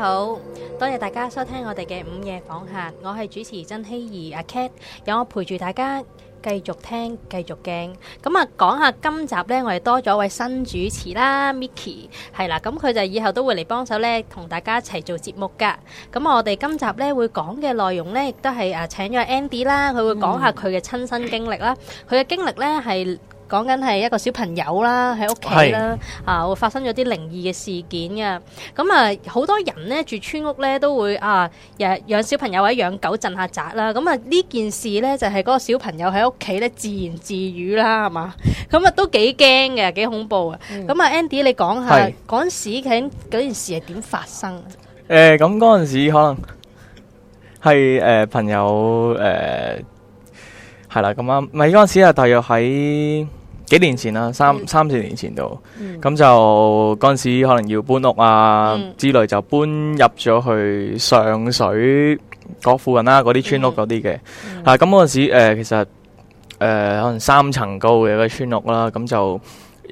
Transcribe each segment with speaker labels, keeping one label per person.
Speaker 1: 好，多謝大家收聽我哋嘅午夜訪客，我係主持曾希怡阿 Cat，有我陪住大家繼續聽繼續驚咁啊，講下今集呢，我哋多咗位新主持啦，Miki 係啦，咁佢就以後都會嚟幫手呢，同大家一齊做節目噶。咁我哋今集呢會講嘅內容呢，亦都係誒請咗 Andy 啦，佢會講下佢嘅親身經歷啦，佢嘅經歷呢係。講緊係一個小朋友啦，喺屋企啦，啊會發生咗啲靈異嘅事件嘅。咁啊，好多人咧住村屋咧都會啊，誒養小朋友或者養狗鎮下宅啦。咁啊呢件事咧就係嗰個小朋友喺屋企咧自言自語啦，係嘛？咁啊都幾驚嘅，幾恐怖啊。咁啊，Andy 你講下嗰陣時，究竟嗰件事係點發生？
Speaker 2: 誒，咁嗰陣時可能係誒朋友誒係啦，咁啱咪嗰陣時啊，大約喺，幾年前啦，三、嗯、三四年前度，咁、嗯、就嗰陣時可能要搬屋啊、嗯、之類，就搬入咗去上水嗰附近啦，嗰啲村屋嗰啲嘅。嗯、啊，咁嗰陣時、呃、其實誒、呃、可能三層高嘅嗰村屋啦，咁就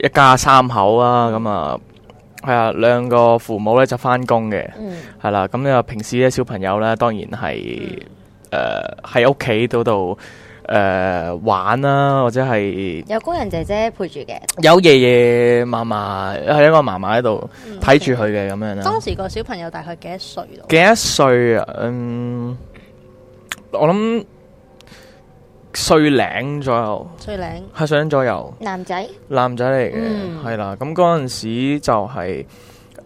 Speaker 2: 一家三口啦，咁啊、嗯，係啊，兩個父母咧就翻工嘅，係、嗯、啦，咁咧平時咧小朋友咧當然係誒喺屋企度。誒，玩啦，或者係
Speaker 3: 有工人姐姐陪住嘅，
Speaker 2: 有爺爺嫲嫲，係一個嫲嫲喺度睇住佢嘅咁樣啦。當
Speaker 1: 時個小朋友大概幾多歲度？
Speaker 2: 幾多歲啊？嗯，我諗歲零左右，歲零係歲零左右。男仔，男仔嚟嘅，係啦。咁嗰陣時就係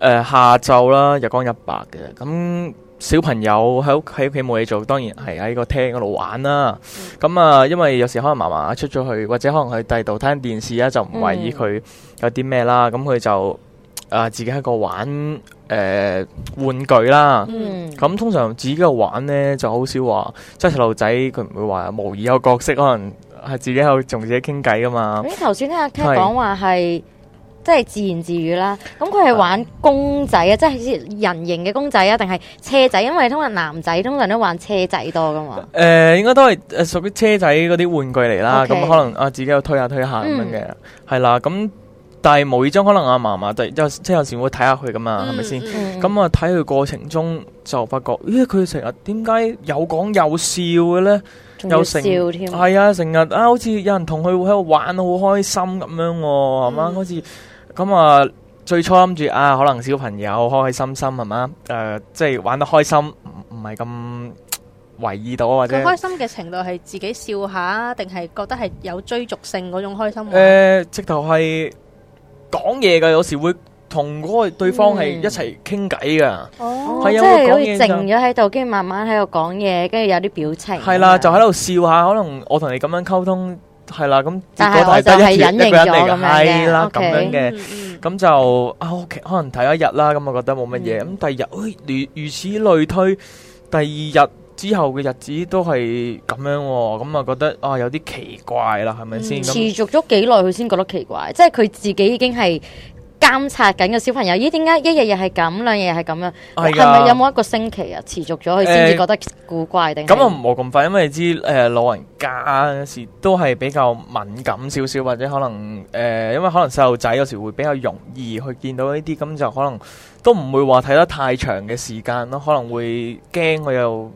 Speaker 2: 誒下晝啦，日光日白嘅咁。小朋友喺屋喺屋企冇嘢做，當然係喺個廳嗰度玩啦。咁啊、嗯，嗯嗯、因為有時可能嫲嫲出咗去，或者可能去第二度睇緊電視啊，就唔為意佢有啲咩啦。咁佢就啊、呃、自己喺個玩誒、呃、玩具啦。咁、嗯、通常自己個玩呢，就好少話，即係細路仔佢唔會話模擬有角色，可能係自己喺度同自己傾偈噶嘛。咁
Speaker 3: 頭先聽阿 K 講話係。嗯即係自言自語啦，咁佢係玩公仔啊，哎、即係人形嘅公仔啊，定係車仔？因為通常男仔通常都玩仔、呃、都車仔多噶嘛。
Speaker 2: 誒，應該都係誒屬於車仔嗰啲玩具嚟啦。咁 Okay. 可能啊，自己又推下推下咁樣嘅，係啦、嗯。咁但係無意中可能阿嫲嫲就即有時會睇下佢咁嘛，係咪先？咁啊睇佢過程中就發覺，咦佢成日點解有講有笑嘅咧？有成笑添。係啊，成日啊，好似有人同佢喺度玩、嗯啊，好開心咁樣，係、嗯、嘛？好似。咁啊、嗯！最初諗住啊，可能小朋友開開心心係嘛，誒、呃，即係玩得開心，唔唔係咁為意到或者。開
Speaker 1: 心嘅程度係自己笑下，定係覺得係有追逐性嗰種開心？誒、
Speaker 2: 呃，直頭係講嘢嘅，有時會同嗰個對方係一齊傾偈噶。哦，哦即係佢靜
Speaker 1: 咗喺度，跟
Speaker 3: 住慢慢喺度講嘢，跟住有啲表情。係啦，
Speaker 2: 就喺度笑下，可能我同你咁樣溝通。係啦，咁結果睇得一個人嚟嘅，係啦咁樣嘅，咁就啊，可能睇一日啦，咁啊覺得冇乜嘢，咁第二日，如如此類推，第二日之後嘅日子都係咁樣喎，咁啊覺得啊有啲奇怪啦，係咪先？持
Speaker 3: 續咗幾耐佢先覺得奇怪？即係佢自己已經係。監察緊個小朋友，咦？點解一日日係咁，兩日日係咁樣？係咪的有冇一個星期啊？持續咗佢先至覺得古怪定？咁啊唔
Speaker 2: 冇咁快，因為知誒、呃、老人家有時都係比較敏感少少，或者可能誒、呃，因為可能細路仔有時會比較容易去見到呢啲，咁就可能都唔會話睇得太長嘅時間咯，可能會驚我又。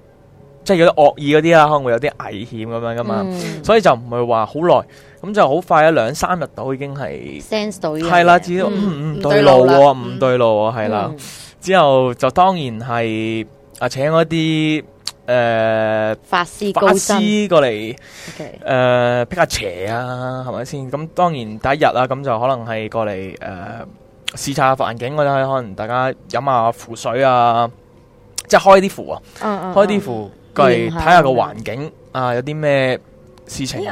Speaker 2: 即係有啲惡意嗰啲啦，可能會有啲危險咁樣噶嘛，嗯、所以就唔係話好耐，咁就好快啊，兩三日到已經係
Speaker 3: sense 到嘅，係啦，知道唔對路喎，唔、
Speaker 2: 嗯、對路喎，係、嗯、啦，之後就當然係啊請嗰啲誒法師高僧過嚟誒辟下邪啊，係咪先？咁當然第一日啊，咁就可能係過嚟誒視察下環境嗰啲，可能大家飲下符水啊，即係開啲符啊，開啲符。嗯過嚟睇下個環境、嗯、啊，有啲咩？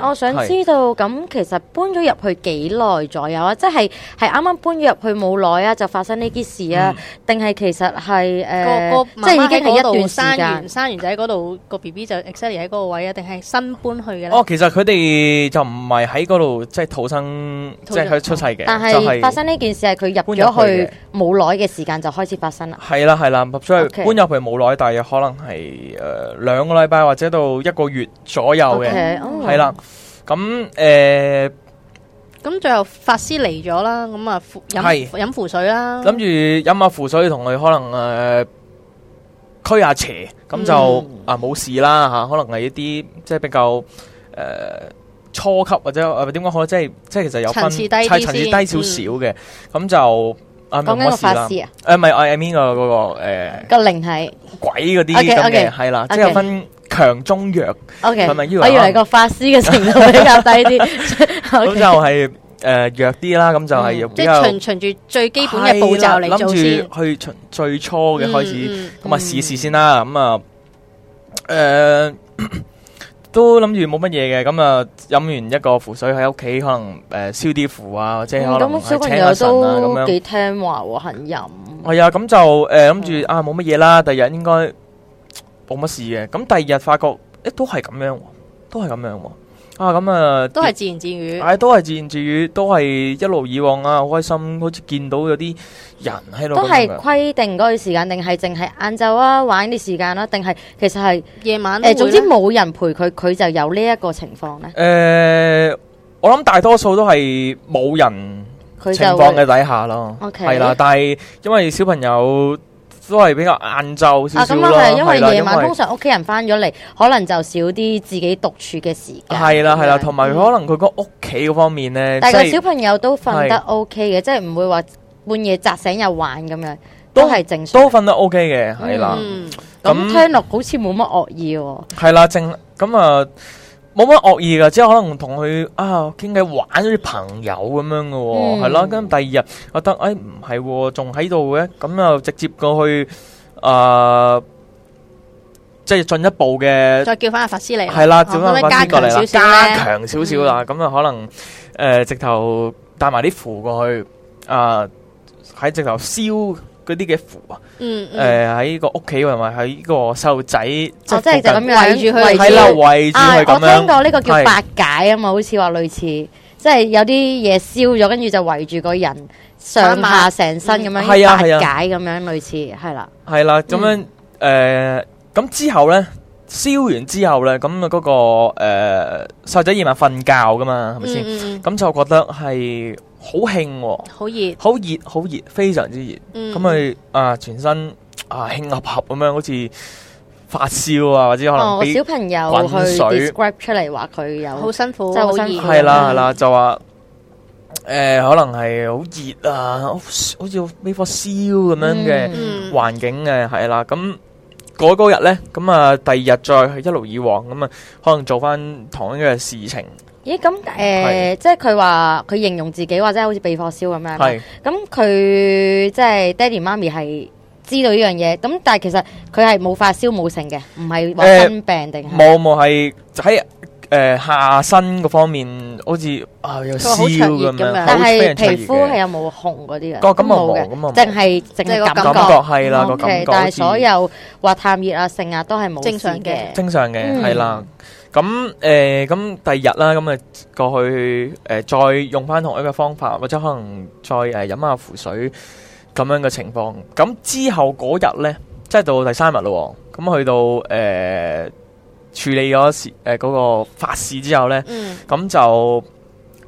Speaker 2: 我想知
Speaker 3: 道咁，是其實搬咗入去幾耐左右啊？即係係啱啱搬咗入去冇耐啊，就發生呢啲事啊？定係、嗯、其實係誒，呃、個個媽媽即係已經係一段生完，
Speaker 1: 生完仔嗰度個 B B 就 exile 喺嗰個位啊？定係新搬去嘅？哦，其
Speaker 2: 實佢哋就唔係喺嗰度即係土生，土生即係佢出世嘅。但係是、就是、發生
Speaker 1: 呢件事係佢入咗去
Speaker 3: 冇耐嘅時間就開始發生啦。係
Speaker 2: 啦係啦，所以搬入去冇耐，但係可能係誒、呃、Okay. 兩個禮拜或者到一個月左右嘅。Okay. 嗯係啦，咁誒，咁、
Speaker 1: 呃嗯、最後法師嚟咗啦，咁啊，飲飲符水啦，諗
Speaker 2: 住飲下符水同佢可能誒驅下邪，咁就、嗯、啊冇事啦吓，可能係一啲即係比較誒、呃、初級或者誒點講好即係即係其實有分，係層次低，次低少少嘅，咁、嗯、就。講緊個法師啊？誒，唔係我係呢個嗰個誒，個靈係鬼嗰啲咁嘅，係啦，即係分強中弱。O K，係咪以為？我以為個
Speaker 1: 法師嘅程度比較低啲，
Speaker 2: 咁就係誒弱啲啦。咁就係即循
Speaker 1: 循住最基本嘅步驟嚟做，諗住
Speaker 2: 去循最初嘅開始，咁啊試一試先啦。咁啊，誒。都諗住冇乜嘢嘅，咁啊飲完一個符水喺屋企，可能誒燒啲符啊，或者可能請下神啊，咁樣。幾
Speaker 3: 聽話喎，肯飲。
Speaker 2: 係啊，咁就誒諗住啊冇乜嘢啦，第日應該冇乜事嘅。咁第二日發覺，誒都係咁樣，都係咁樣啊。都啊咁啊，嗯、都係
Speaker 1: 自言自語，係都
Speaker 2: 係自言自語，都係一路以往啊！好開心，好似見到有啲人喺度。都係規
Speaker 3: 定嗰個時間，定係淨係晏晝啊玩啲時間啦，啊？定係其實係夜晚？誒、呃，總之冇人陪佢，佢就有呢一個情況
Speaker 2: 咧。誒、呃，我諗大多數都係冇人情況嘅底下咯。OK，係啦，但係因為小朋友。都係比較晏晝先。啊，咁樣係因為夜晚通常
Speaker 3: 屋企人翻咗嚟，可能就少啲自己獨處嘅時
Speaker 2: 間。係啦係啦，同埋可能佢個屋企嗰方面咧，但係個小朋
Speaker 3: 友都瞓得 OK 嘅，即係唔會話半夜扎醒又玩咁樣，都係正常，
Speaker 2: 都瞓得 OK 嘅，係啦。咁聽落好
Speaker 3: 似冇乜惡意喎。
Speaker 2: 係啦，正咁啊。冇乜惡意噶，只係可能同佢啊傾偈玩啲朋友咁樣嘅喎、哦，係咯、嗯。跟第二日我覺得，誒唔係喎，仲喺度嘅，咁又直接過去、呃、進啊，即係進一步嘅，
Speaker 1: 再叫翻阿法師嚟，係啦，叫翻法師過嚟加
Speaker 2: 強少少啦。咁啊，可能誒、呃、直頭帶埋啲符過去啊，喺、呃、直頭燒。嗰啲嘅符啊，誒喺個屋企，係咪喺個細路仔，就即係就咁樣圍住佢，係啦，圍住佢咁樣。我聽過呢個叫八
Speaker 3: 解啊嘛，好似話類似，即係有啲嘢燒咗，跟住就圍住個人上下成身咁樣，係啊，係啊，八解咁樣類似，係啦。
Speaker 2: 係啦，咁樣誒，咁之後咧，燒完之後咧，咁啊嗰個誒細路仔夜晚瞓覺噶嘛，係咪先？咁就覺得係。好㷫熱，好熱，好熱，好熱，非常之熱。咁咪、嗯、啊，全身啊，㷫烚烚咁樣，好似發燒啊，或者可能、哦、小朋友滾水
Speaker 3: 出嚟，話佢有好辛苦，就係、嗯、啦，係啦、
Speaker 2: 嗯，就話誒、呃，可能係好熱啊，好似要咩火燒咁樣嘅環境嘅，係、嗯嗯、啦。咁、那、嗰、個、日咧，咁啊，第二日再一路以往，咁啊，可能做翻同一嘅事情。
Speaker 3: 咦咁誒，即係佢話佢形容自己或者好似被火燒咁樣。係咁佢即係爹哋媽咪係知道呢樣嘢。咁但係其實佢係冇發燒冇性嘅，唔係話生病定係冇
Speaker 2: 冇係喺誒下身嗰方面好似啊有燒咁樣。但係皮膚
Speaker 3: 係有冇紅嗰啲啊？都冇嘅，淨係淨係個感覺係啦個感覺。但係所有話探熱啊、性啊都係
Speaker 2: 冇正常嘅，正常嘅係啦。咁誒，咁、呃、第二日啦、啊，咁啊過去誒、呃，再用翻同一個方法，或者可能再誒飲、呃、下符水咁樣嘅情況。咁之後嗰日咧，即係到第三日咯、哦，咁去到誒、呃、處理咗事誒嗰個法事之後咧，咁、嗯、就誒佢、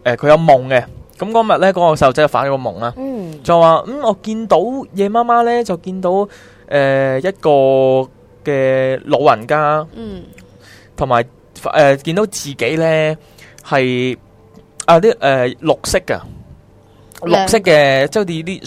Speaker 2: 呃、有夢嘅。咁嗰日咧，嗰、那個細路仔就發咗個夢啦，嗯、就話嗯我見到夜媽媽咧，就見到誒、呃、一個嘅老人家，嗯，同埋。誒，見到自己咧係啊啲誒綠色嘅綠色嘅，即係啲啲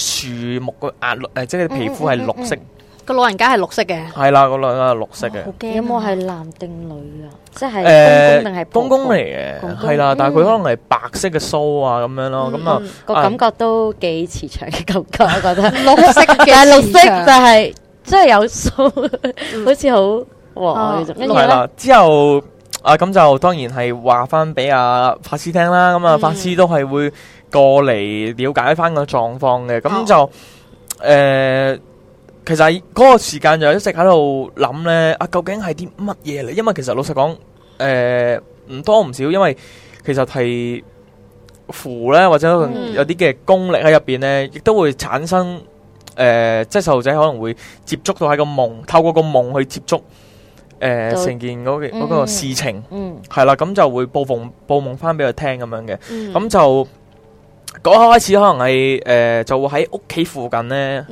Speaker 2: 樹木個顏綠誒，即係皮膚係綠色
Speaker 1: 個老人家係綠色嘅
Speaker 2: 係啦，個老人家係綠色嘅。有
Speaker 1: 冇係男定女啊？即係公公定係
Speaker 2: 公公嚟嘅係啦，但係佢可能係白色嘅鬚啊，咁樣咯，咁啊個感覺
Speaker 3: 都幾慈祥嘅感覺，我覺得綠色嘅綠色就係即係有鬚，好似好哇。跟住
Speaker 2: 之後。啊，咁就當然係話翻俾阿法師聽啦。咁、嗯、啊，法師都係會過嚟了解翻個狀況嘅。咁、嗯、就誒、呃，其實嗰個時間就一直喺度諗呢，啊，究竟係啲乜嘢嚟？因為其實老實講，誒、呃、唔多唔少，因為其實係符呢，或者有啲嘅功力喺入邊呢，亦、嗯、都會產生誒、呃，即係細路仔可能會接觸到喺個夢，透過個夢去接觸。誒，成件嗰嘅嗰個事情，係啦，咁就會報夢報夢翻俾佢聽咁樣嘅，咁就嗰一刻開始可能係誒，就會喺屋企附近咧，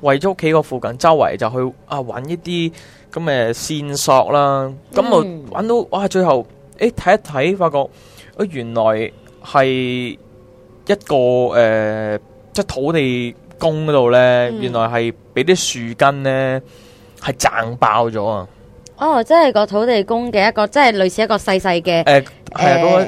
Speaker 2: 為咗屋企個附近周圍就去啊，揾一啲咁嘅線索啦。咁我就揾到哇，最後誒睇一睇，發覺誒原來係一個誒即係土地公嗰度咧，原來係俾啲樹根咧係撐爆咗啊！
Speaker 3: 哦，即係個土地公嘅一個，即係類似一個細細嘅誒啊，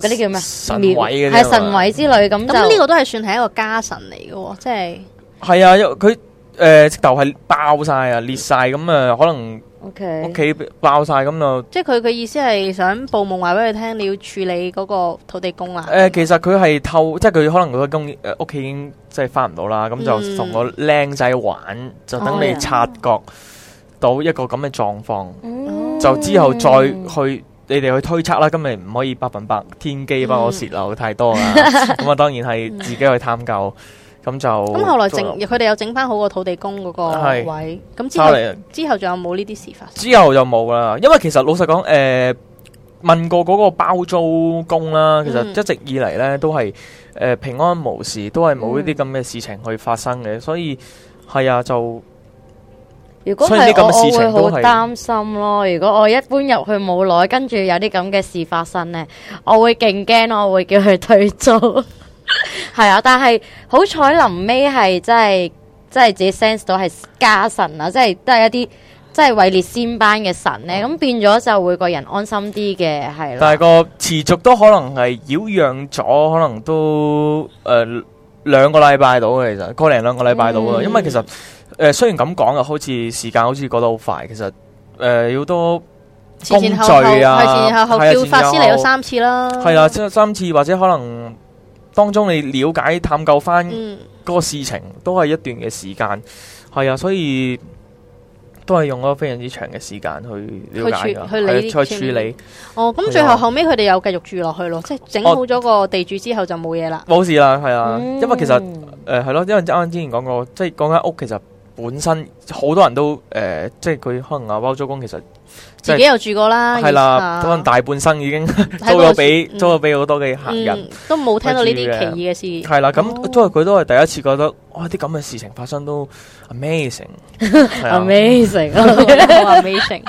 Speaker 3: 嗰啲叫咩？
Speaker 2: 神位嘅係神位
Speaker 1: 之類咁，咁呢個都係算係一個家神嚟嘅，即
Speaker 2: 係係啊！佢誒直頭係爆晒啊，裂晒咁啊，可能屋企爆晒咁啊。
Speaker 1: 即係佢嘅意思係想報夢話俾佢聽，你要處理嗰個土地公啊。誒，
Speaker 2: 其實佢係透，即係佢可能個公屋企已經即係翻唔到啦，咁就同個靚仔玩，就等你察覺。到一個咁嘅狀況，嗯、就之後再去你哋去推測啦。今日唔可以百分百天機，不可泄漏太多啦。咁、嗯、啊，當然係自己去探究。咁、嗯、就咁後來整，
Speaker 1: 佢哋又整翻好個土地公嗰個位。咁是之後點之後仲有冇呢啲事發生？
Speaker 2: 之後就冇啦，因為其實老實講，誒、呃、問過嗰個包租公啦，其實一直以嚟呢都係誒、呃、平安無事，都係冇呢啲咁嘅事情去發生嘅、嗯嗯。所以係啊，就。如果係，我會好擔
Speaker 3: 心咯。如果我一搬入去冇耐，跟住有啲咁嘅事發生呢，我會勁驚，我會叫佢退租。 係 啊，但係好彩臨尾係真係真係自己 sense 到係家神啊，即係都係一啲即係位列仙班嘅神呢。咁變咗就會個人安心啲嘅，係咯、啊。但係
Speaker 2: 個持續都可能係擾攘咗，可能都誒、呃、兩個禮拜到嘅，其實個零兩個禮拜到啊，嗯、因為其實。誒、呃，雖然咁講啊，好似時間好似過得好快，其實誒要、呃、多、啊、前前後後啊，前前後後叫法師嚟咗三次啦，係啦，三次或者可能當中你了解探究翻嗰個事情，嗯、都係一段嘅時間，係啊，所以都係用咗非常之長嘅時間去了解去去理的去處理。哦，咁最後後
Speaker 1: 尾佢哋又繼續住落去咯，即係整好咗個地主之後就冇嘢啦，
Speaker 2: 冇事啦，係啊，嗯、因為其實誒係咯，因為啱啱之前講過，即係嗰間屋其實。本身好多人都誒、呃，即係佢可能阿包租公其實。自己又
Speaker 1: 住過啦，係啦，可能
Speaker 2: 大半生已經租咗俾租咗俾好多嘅客人，
Speaker 1: 都冇聽到呢啲奇異嘅事。係
Speaker 2: 啦，咁都係佢都係第一次覺得，哇！啲咁嘅事情發生都 amazing，amazing，amazing。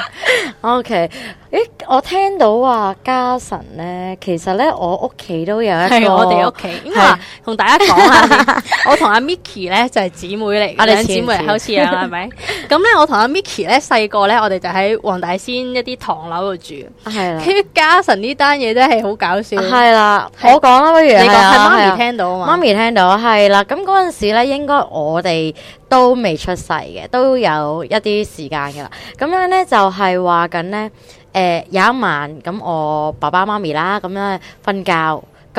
Speaker 3: OK，咦？我聽到話家神咧，其實咧，我屋企都有一個我哋屋企，因為
Speaker 1: 同大家講下，我同阿 Mickey 咧就係姊妹嚟，我兩姊妹好似啊，係咪？咁咧，我同阿 Mickey 咧細個咧，我哋就喺黃大仙。一啲唐樓度住，係啦。Jason 呢單嘢真係好搞笑，係啦。
Speaker 3: 我講啦不如，你講係媽咪聽到啊，媽咪聽到係啦。咁嗰陣時咧，應該我哋都未出世嘅，都有一啲時間噶啦。咁樣咧就係話緊咧，誒有一晚咁，我爸爸媽咪啦咁樣瞓覺，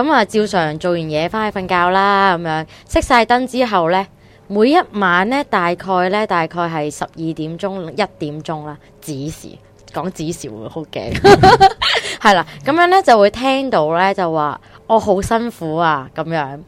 Speaker 3: 咁啊照常做完嘢翻去瞓覺啦。咁樣熄晒燈之後咧，每一晚咧大概咧大概係十二點鐘一點鐘啦，只是。講子時會好驚，係 喇，咁樣咧就會聽到咧就話我好辛苦呀咁樣。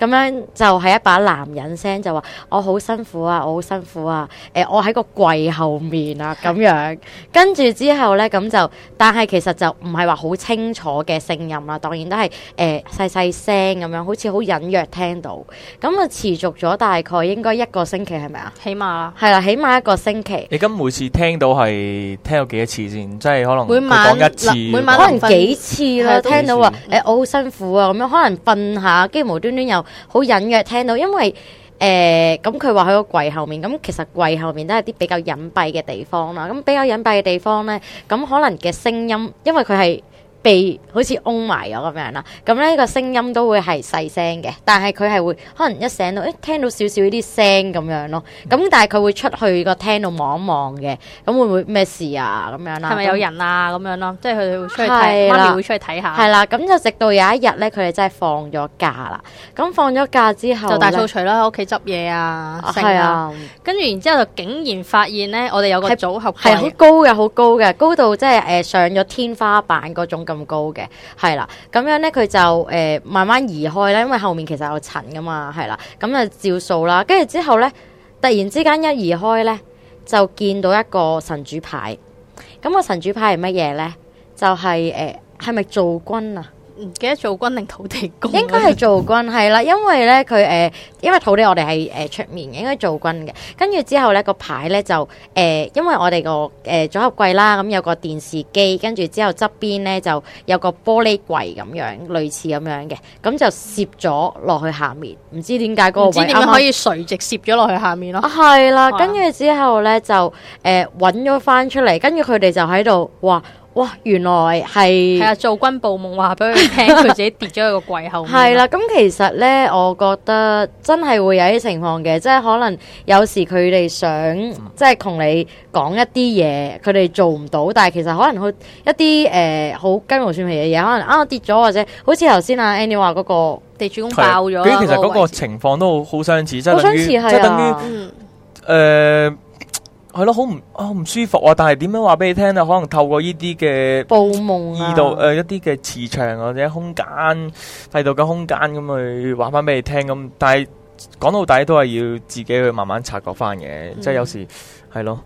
Speaker 3: 咁樣就係一把男人聲，就話我好辛苦啊，我好辛苦啊。誒、呃，我喺個櫃後面啊，咁樣跟住之後呢，咁就但係其實就唔係話好清楚嘅聲音啦，當然都係誒細細聲咁樣，好似好隱約聽到。咁啊持續咗大概應該一個星期係咪啊？起碼啦，係啦，起碼一個星期。你
Speaker 2: 今每次聽到係聽到幾多次先？即係可能每晚一次，每晚可能，睡可能幾次啦。聽對到
Speaker 3: 話誒、呃，我好辛苦啊咁樣，可能瞓下，跟住無端端又。好隱約聽到，因為誒咁佢話喺個櫃後面，咁其實櫃後面都係啲比較隱蔽嘅地方啦。咁比較隱蔽嘅地方咧，咁可能嘅聲音，因為佢係。鼻好似凹埋咗咁樣啦，咁咧個聲音都會係細聲嘅，但係佢係會可能一醒到，誒、欸、聽到少少啲聲咁樣咯。咁但係佢會出去個廳度望一望嘅，咁會唔會咩事啊？咁
Speaker 1: 樣啦，係咪有人啊？咁樣咯，那即係佢哋會出去睇，啦媽咪會出去睇下。係啦，
Speaker 3: 咁就直到有一日咧，佢哋真係放咗假啦。咁放咗假之後就大掃除、啊、啦，喺屋企執嘢啊，係啊，
Speaker 1: 跟住然之後，後就竟然發現咧，我哋有個係組合係好
Speaker 3: 高嘅，好高嘅，高到即係誒上咗天花板嗰種。咁高嘅，係啦，咁樣咧佢就誒、呃、慢慢移開咧，因為後面其實有塵噶嘛，係啦，咁啊照數啦，跟住之後咧，突然之間一移開咧，就見到一個神主牌，咁、那個神主牌係乜嘢咧？就係、是、誒，係咪做軍啊？
Speaker 1: 唔記得做灶君定土地公？應該係
Speaker 3: 做灶君係啦， 因為咧佢誒，因為土地我哋係誒出面，嘅，應該做灶君嘅。跟住之後咧，個牌咧就誒，因為我哋個誒組合櫃啦，咁、嗯、有個電視機，跟住之後側邊咧就有個玻璃櫃咁樣，類似咁樣嘅。咁就攝咗落去下面，唔知點解嗰個位點樣可以垂直攝咗落去下面咯？係啦、啊，跟住、哎、呀之後咧就誒搵咗返出嚟，跟住佢哋就喺度話。哇！哇！原來係，係啊，
Speaker 1: 灶君報夢話俾佢聽，佢 自己跌咗喺個櫃後。係啦，
Speaker 3: 咁、嗯、其實咧，我覺得真係會有啲情況嘅，即係可能有時佢哋想即係同你講一啲嘢，佢哋做唔到，但係其實可能佢一啲誒好雞毛蒜皮嘅嘢，可能啊跌咗或者好似頭先啊 Annie 話嗰個地主公爆咗，其實嗰個
Speaker 2: 情況都好相似，真係好似即係等於誒。係咯，好唔，哦唔舒服啊！但係點樣話俾你聽咧？可能透過呢啲嘅報夢，呢度誒一啲嘅磁場或者空間，喺度嘅空間咁去話翻俾你聽。咁但係講到底都係要自己去慢慢察覺翻嘅，嗯、即係有時係咯。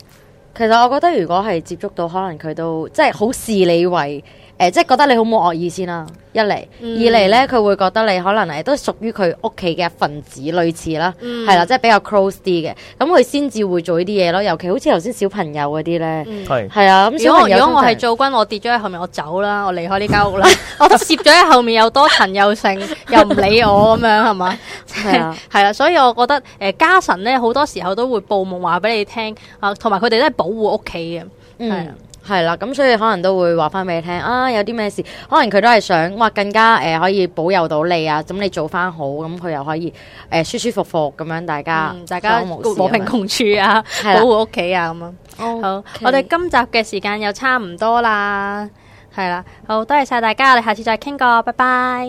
Speaker 3: 其實我覺得如果係接觸到，可能佢都即係好視你為。誒、呃，即係覺得你好冇惡意先啦，啊，一嚟，嗯、二嚟咧，佢會覺得你可能係都屬於佢屋企嘅分子，類似啦，係啦，嗯，即係比較 close 啲嘅，咁佢先至會做呢啲嘢咯。尤其好似頭先小朋友嗰啲咧，係係、嗯、啊。咁如果如果我係
Speaker 1: 做君，我跌咗喺後面，我走啦，我離開呢間屋啦， 我都攝咗喺後面又又，又多層又剩，又唔理我咁樣，係嘛 吧？係啊，係啊，所以我覺得誒、呃，家神咧好多時候都會報夢話俾你聽啊，同埋佢哋都係保護屋企嘅，係啊。
Speaker 3: 係啦，咁所以可能都會話翻俾你聽啊，有啲咩事，可能佢都係想話更加誒、呃、可以保佑到你啊，咁你做翻好，咁佢又可以誒、呃、舒舒服服咁樣，大家、嗯、大家和平共
Speaker 1: 處啊，了保護屋企啊咁樣 Okay.。好，我哋今集嘅時間又差唔多啦，係啦，好多謝晒大家，我哋下次再傾過，拜拜。